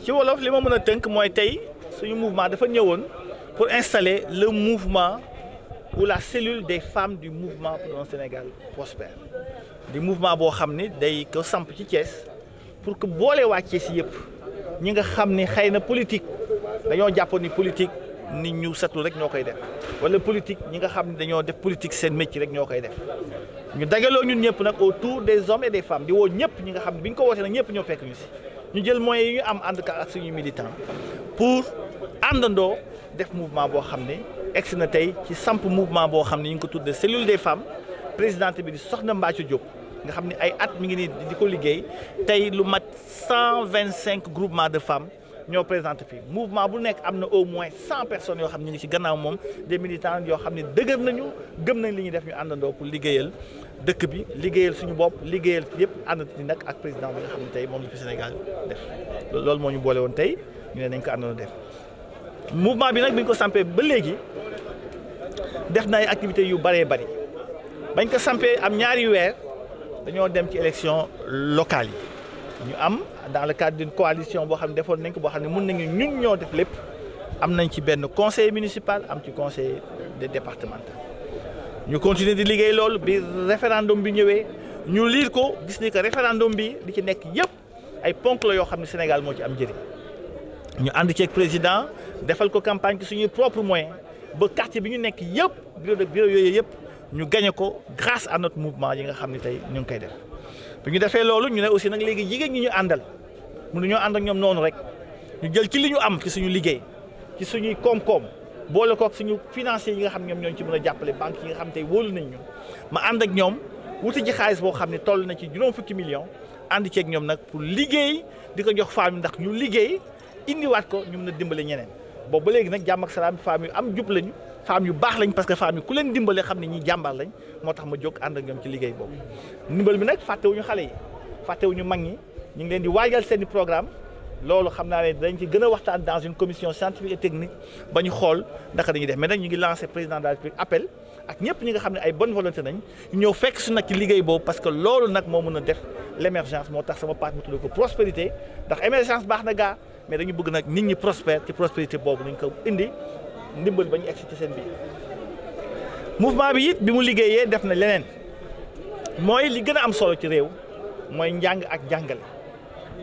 ci wolof li ma mën a tënk mooy tey suñu mouvement dafa ñëwoon pour installer le mouvement ou la cellule des femmes du mouvement pour un Sénégal prospère di mouvement boo xam ni day ko samp ci cees pour que boole waa Thiès yëpp ñi nga xam ni xëy na politique dañoo jàpp ni politique nit ñu setul rek ñoo koy def wala politique ñi nga xam ne dañoo def politique seen métier rek ñoo koy def ñu dagaloo ñun ñëpp nag autour des hommes et des femmes di woo ñëpp ñi nga xam ne bi ñu ko wootee ñëpp ñoo fekk ñu si. ñu jël moyens yi ñu am ànd ak suñuy militants pour àndandoo def mouvement boo xam ne egsi na tey ci samp mouvement boo xam ne ñu ngi ko tuddee cellule des femmes présidente bi di Soxna Mbathio Diop nga xam ni ay at mi ngi nii di ko liggéey tey lu mat cent vingt cinq groupement de femmes. ñoo présente fii mouvement bu nekk am na au moins cent personnes yoo xam ne ñu ngi ci gannaaw moom des militants yoo xam ne dëgër nañu gëm nañ li ñuy def ñu àndandoo ku liggéeyal dëkk bi liggéeyal suñu bopp liggéeyal yëpp àndati nag ak président bi nga xam ne tey moom la fi Sénégal def loolu moo ñu boole woon tey ñu ne nañ ko àndandoo def mouvement bi nag bi ñu ko sampee ba léegi def na ay activités yu bëree bëri bañ ko sampee am ñaari weer dañoo dem ci élection locale yi. ñu am dans le cadre d'une coalition boo xam ne defoon nañ ko boo xam ne mën nañu ñun ñoo def lépp am nañ ci benn conseil municipal am ci conseil de départemental ñu continuer di liggéey loolu bi référendum bi ñëwee ñu liir ko gis ni que référendum bi li ci nekk yëpp ay ponk la yoo xam ne Sénégal moo ci am njëriñ ñu ànd ceeg président defal ko campagne ci suñuy propre moyen ba quartier bi ñu nekk yëpp bureau de bureau yooyu yëpp ñu gagné ko grace à notre mouvement yi nga xam ne tey ñu ngi koy def bu ñu defee loolu ñu ne aussi nag léegi jigéen ñi ñu àndal ñoo ànd ak ñoom noonu rek ñu jël ci li ñu am ci suñu liggéey ci suñuy koom-koom boole kook suñu financier yi nga xam ñoom ñooñu ci mën a jàppale banque yi nga xam tey wóolu nañ ñu ma ànd ak ñoom wuti ci xaalis boo xam ne toll na ci juróom fukki million ànd ceeg ñoom nag pour liggéey di ko jox femme yi ndax ñu liggéey indiwaat ko ñu mën a dimbale ñeneen boobu ba léegi nag jàmm ak salaam femme yu am jub lañu femmes yu baax lañ parce que femmes yi ku leen dimbale xam ne ñi jàmbaar lañ moo tax ma jóg ànd ak ñoom ci liggéey boobu ndimbal bi nag fàttewuñu xale yi fàttewuñu mag ñi ñu ngi leen di waajal seeni i programme loolu xam naa ne dañ ci gën a waxtaan dans une commission scientifique et technique ba ñu xool naka dañuy def mais ñu ngi lancé président de la appel ak ñëpp ñi nga xam ne ay bonne volonté nañ ñëw fekk su nag ci liggéey boobu parce que loolu nag moo mën a def l' émergence tax sama part ko prospérité ndax baax na gaa mais dañu bëgg nag nit ñi prospère ci boobu nañ ko indi ndimbal ba ñu egsi ci seen biir mouvement bi it bi mu liggéeyee def na leneen mooy li gën a am solo ci réew mooy njàng ak njàngale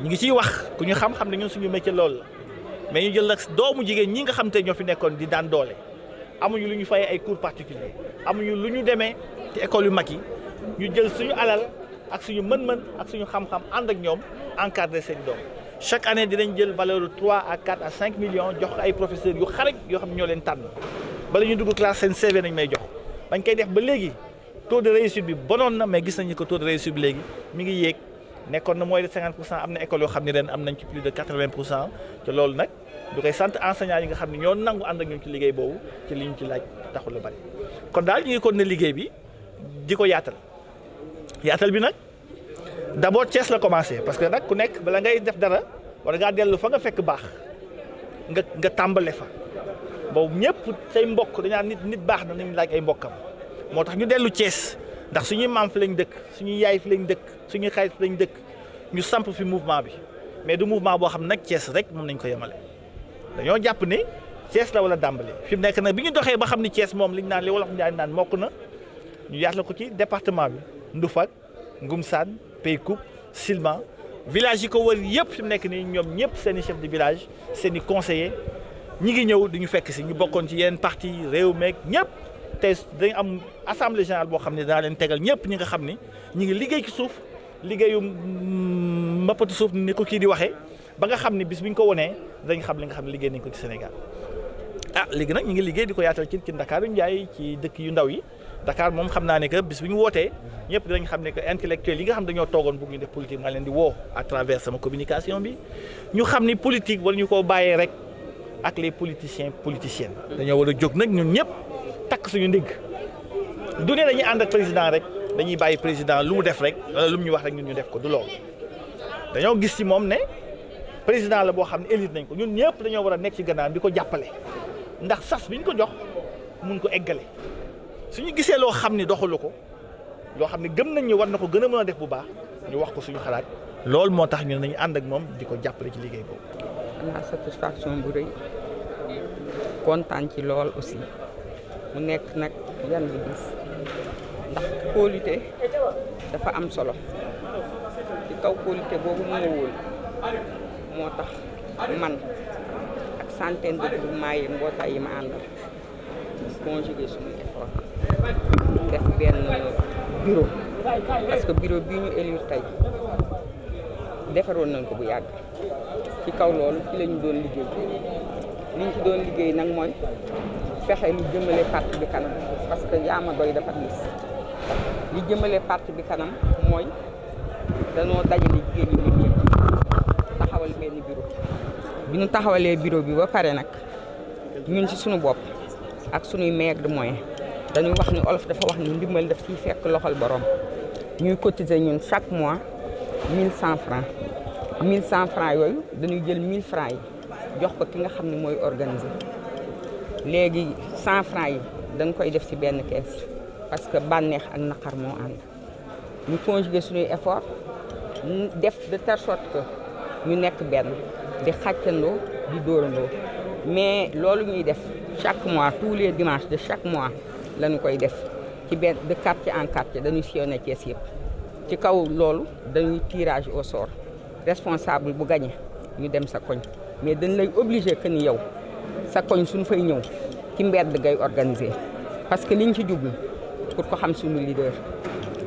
ñu ngi ciy wax ku ñu xam xam ne ñun suñu métier loolu la mais ñu jël nag doomu jigéen ñi nga xam te ñoo fi nekkoon di daan doole amuñu lu ñu fayee ay cours particulier amuñu lu ñu demee ci école yu mag yi ñu jël suñu alal ak suñu mën-mën ak suñu xam-xam ànd ak ñoom encadré seen doom chaque année dinañ jël valeur de trois à quatre à cinq millions jox ko ay professeurs yu xarañ yoo xam ñoo leen tànn bala ñu dugg classe seen CV nañ may jox bañ koy def ba léegi taux de réussite bi bonoon na mais gis nañu que taux de réussite bi léegi mi ngi yéeg nekkoon na mooy de cinquante pour cent am na école yoo xam ne ren am nañ ci plus de quatre-vingts pour cent te loolu nag du koy sant enseignants yi nga xam ne ñoo nangu ànd ak ñun ci liggéey boobu ci li ñu ci laaj taxul la bari kon daal ñu ngi liggéey bi di ko yaatal bi nag. d'abord Thiès la commencé parce que nag ku nekk bala ngay def dara war ngaa dellu fa nga fekk baax nga nga tàmbale fa boobu ñëpp say mbokk dañaa nit nit baax na nañu laaj ay mbokkam moo tax ñu dellu cees ndax suñuy maam fi lañ dëkk suñuy yaay fi lañ dëkk suñuy xarit fi lañ dëkk ñu samp fi mouvement bi mais du mouvement boo xam ne nag Thiès rek moom nañ ko yemale dañoo jàpp ni Thiès la wala dàmbale fi mu nekk nag bi ñu doxee ba xam ni Thiès moom liñ naan li wolof Njaay naan mokk na ñu yaat ko ci département bi Ndufak Ngumsaan Peykoub Silma village yi ko wër yëpp fi mu nekk nii ñoom ñëpp seen i chef de village seeni i conseiller ñi ngi ñëw di ñu fekk si ñu bokkoon ci yenn parti réew meeg ñëpp tey dañu am assemblée générale boo xam ne danaa leen tegal ñëpp ñi nga xam ni ñu ngi liggéey ci suuf liggéeyu mbappatu mm, suuf ni ko kii di waxee ba nga xam ne bis bi ñu ko wanee dañ xam li nga xam ne liggéey nañ ko ci Sénégal ah léegi nag ñu ngi liggéey di ko yaatal ci ci Ndakaaru Njaay ci dëkk yu ndaw yi Dakar moom xam naa ne que bis bu ñu wootee ñëpp dañ xam ne que intellectuel yi nga xam dañoo toogoon bëgg ñu def politique maa leen di woo à travers sama communication bi ñu xam ni politique war ñu koo bàyyee rek ak les politiciens politiciennes. dañoo war a jóg nag ñun ñëpp takk suñu ndigg du ne dañuy ànd ak président rek dañuy bàyyi président lu mu def rek wala lu mu ñu wax rek ñun ñu def ko du loolu dañoo gis ci moom ne président la boo xam ne élite nañ ko ñun ñëpp dañoo war a nekk ci gànnaaw di ko jàppale ndax sas bi ñu ko jox mun ko eggale. ñu gisee loo xam ni doxalu ko loo xam ni gëm nañ ñu war na ko gën a mën a def bu baax ñu wax ko suñu xalaat lool moo tax ñu nañu ànd ak moom di ko jàppale ci liggéey boobu. bu rëy kontaan ci lool aussi mu nekk nag yan bu diis ndax kóolute dafa am solo ci kaw kóolute boobu mu ma wóol moo tax man ak centaine de groupement yi mbootaay yi ma àndal. conjuguer suñu effort def benn bureau parce que bureau bii ñu élire tey defaroon nañ ko bu yàgg ci kaw loolu ci la doon liggéey liñ ñu ci doon liggéey nag mooy fexe lu jëmale part bi kanam parce que yaa ma doy dafa gis li jëmale parti bi kanam mooy danoo dajale jigéen ñi nit ñi taxawal benn bureau bi ñu taxawalee bureau bi ba pare nag ñun ci suñu bopp ak suñuy maigre moyen dañuy wax ni olof dafa wax ni ndimbal daf siy fekk loxol borom ñuy cotiser ñun chaque mois mille cent franc mille cent franc yooyu dañuy jël mille franc yi jox ko ki nga xam ni mooy organiser léegi cent franc yi dañ koy def ci benn caisse parce que bànneex ak naqar moo ànd ñu conjuguer suñuy efort def de telle sorte ñu nekk benn di xàccandoo di dóorandoo mais loolu ñuy def chaque mois tous les dimanches de chaque mois lañu koy def ci benn de quartier en quartier dañuy sillonné Thiès yëpp ci kaw loolu dañuy tirage au sort responsable bu gañe ñu dem sa koñ mais dañ lay obligé que ni yow sa koñ suñu fay ñëw ci mbedd ngay organiser parce que liñ ci jublu pour ko xam suñu leader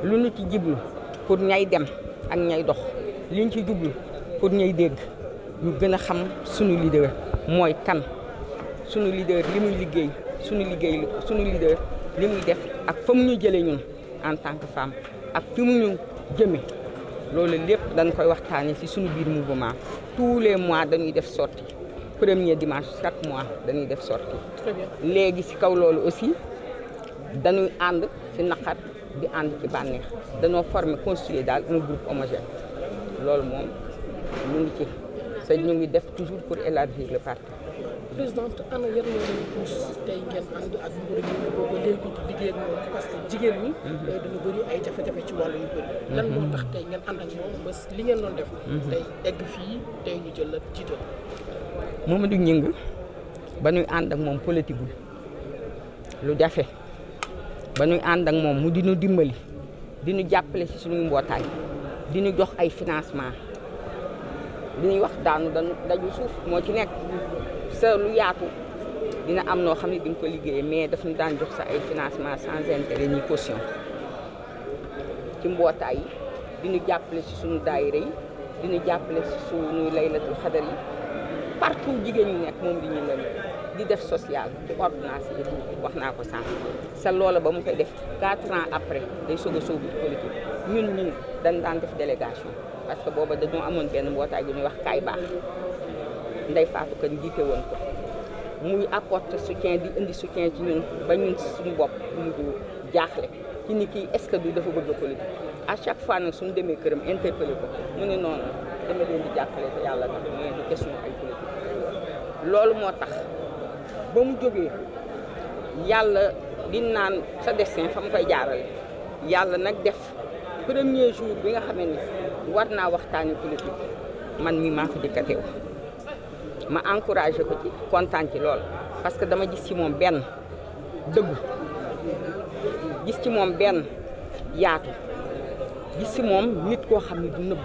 lu ñu ci jublu pour ñay dem ak ñay dox liñ ci jublu pour ñay dégg ñu gën a xam suñu leader mooy kan sunu leader li muy liggéey sunu liggéey sunu leader li muy def ak fa mu ñu jëlee ñun en tant que femme ak fi mu ñu jëmee loolu lépp dañ koy waxtaanee ci sunu biir mouvement tout les mois dañuy def sortie premier dimanche chaque mois dañuy def sortie léegi ci kaw loolu aussi dañuy ànd ci naqar bi ànd ci bànneex dañoo former constituer daal un groupe homogène loolu moom ñu ngi ci sa ñu ngi def toujours pour élargir le parti présidente ana yan moo leen pousse tey ngeen ànd ak mbir mi boobu di liggéey ak eh, ay jafe-jafe ci mhm. tey ngeen ànd ak moom ba li ngeen doon def. Mhm. tey egg fii tey ñu jël la jiital. Mamadou Gningue ba nuy ànd ak moom politique lu jafe ba nuy ànd ak moom mu dinu dimbali di nu jàppale si suñuy mbootaay dinu jox ay financement li ñuy wax daanu dañu daju suuf moo ci nekk sa lu yaatu dina am noo xam ne di nga ko liggéeyee mais daf ñu daan jox sa ay financement sans intérêt ñuy caution ci mbootaay yi di ñu jàppale si suñu daayira yi di ñu jàppale si suñu laylatul xadar yi partout jigéen ñi nekk moom li ñu la di def social ci ordonnance yi wax naa ko sànq sa loola ba mu koy def quatre ans après day soog a sóobu politique ñun ñun dañ daan def délégation parce que booba dañoo amoon benn mbootaay bu ñuy wax kaay baax Ndeye Fatou Kane jiite woon ko muy apporter soutien di indi soutien ci ñun ba ñun suñu bopp ñu jaaxle ci ni kii est-ce que du dafa bëgg politique à chaque fois nag suñu demee këram interpellé ko mu ne noonu dama leen di jàppale yàlla tax mais du question ay politique loolu moo tax ba mu jógee yàlla di naan sa destin fa mu koy jaarale yàlla nag def premier jour bi nga xamee ni war naa waxtaane politique man mi maa fi dikka teew ma encouragé ko ci kontaan ci lool parce que dama gis ci moom benn dëggu gis ci moom benn yaatu gis ci moom nit koo xam ne du nëbb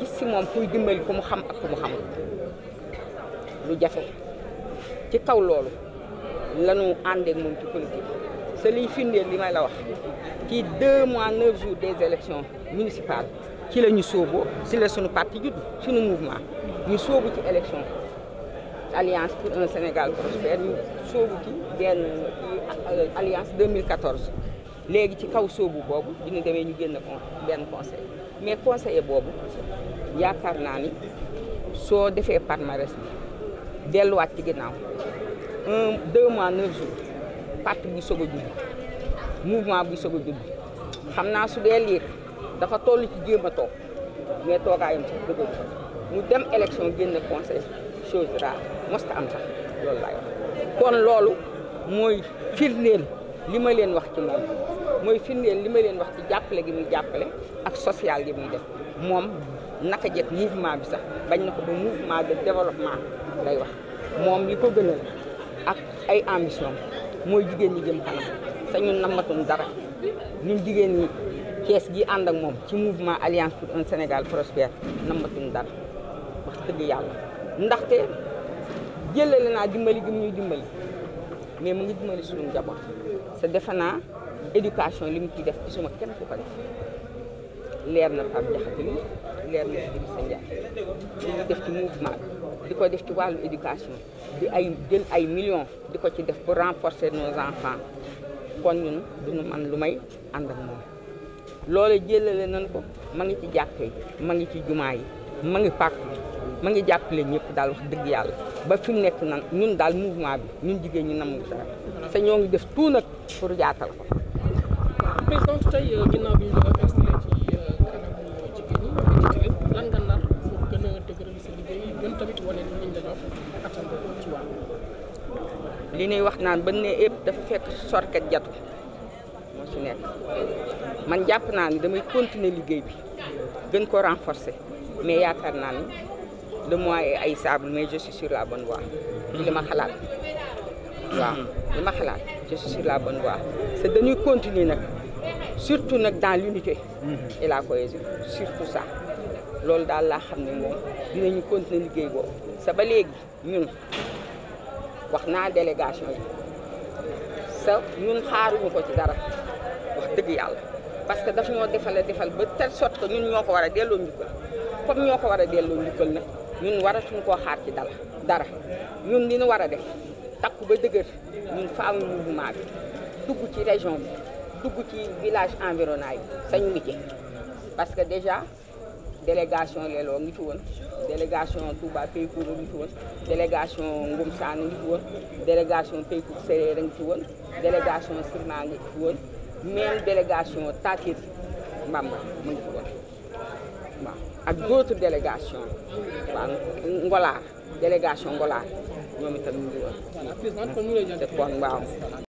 gis ci moom kuy dimbali ku mu xam ak ku mu xam lu jafe ci kaw loolu lañu àndeek moom ci politique se liy firndeel li may la wax ci deux mois neuf jours des élections municipales ci la ñu sóoboo si la suñu parti judd suñu mouvement ñu soobu ci élection alliance pour Sénégal prospère ñu sóobu ci benn alliance léegi ci kaw soobu boobu bi ñu demee ñu génn benn conseil mais conseiller boobu yaakaar naa ni soo defee palmarès bi delluwaat ci ginnaaw un deux mois neuf jours parti buy soog a judd mouvement buy soog a xam naa su dee lii dafa toll ci jéem a toog mais toogaayam sax dëgg mu dem élection génn conseil chose rare mosta am sax loolu laay kon loolu mooy firndeel li ma leen wax ci moom mooy firndeel li ma leen wax ci jàppale gi mu jàppale ak social gi mu def moom naka jekk mouvement bi sax bañ na ko ba mouvement de développement lay wax moom li ko gënal ak ay ambition mooy jigéen ñi jëm kanam te ñun dara ñun jigéen kees gi ànd ak moom ci mouvement alliance pour un Sénégal prospère namatuñ dara wax dëgg yàlla ndaxte jëlale naa dimbali gi mu ñuy dimbali mais mu ngi dimbali suñu njaboot te defe naa éducation li mu ciy def gisuma kenn ko def na Pape Diakhaté ci mouvement di ko def ci wàllu éducation di ay jël ay millions di ko ci def pour renforcer nos enfants kon ñun duñu man lu may ànd ak moom loole jëlale nañ ko ma ngi ci jàpp yi ma ngi ci jumaa yi ma ngi pàkk ma ngi jàppale ñëpp daal wax dëgg yàlla ba fi nekk nan ñun daal mouvement bi ñun jigéen ñi namu dara te ñoo ngi def tout nag pour jaatal ko. présidente li ñu wax naan ba ne ëpp dafa fekk sorkat jatu moo ci nekk. man jàpp naa ni damay continuer liggéey bi gën ko renforcer mais yaakaar naa ni le ay est haïssable mais je sur la bonne voie. li ma xalaat waaw li ma xalaat je sur la bonne voie dañuy continuer nag surtout nag dans l'unité la cohésion surtout ça loolu daal laa xam ne moom dinañu continuer liggéey boobu sa ba léegi ñun wax naa délégation yi sa ñun xaaruñu ko ci dara wax dëgg yàlla parce que dafa ñoo defale defal ba telle sorte que ñun ñoo ko war a delloo njukkal comme ñoo ko war a delloo njukkal nag ñun war a waratuñu ko xaar ci dala dara ñun li war a def takku ba dëgër ñun faaw mouvement bi dugg ci région bi dugg ci village environnant yi sañu liggéey parce que déjà délégation Lelo ngi fi woon délégation Touba Peykour ngi fi woon délégation Ngum Saan ngi fi woon délégation Peykour Séréer ngi fi woon délégation Sirma ngi même délégation Takir Mbamba mu ngi fi woon waaw ak d'autres délégations waaw Ngolaar délégation Ngolaar ñoom itam ñu ngi woon. kon waaw.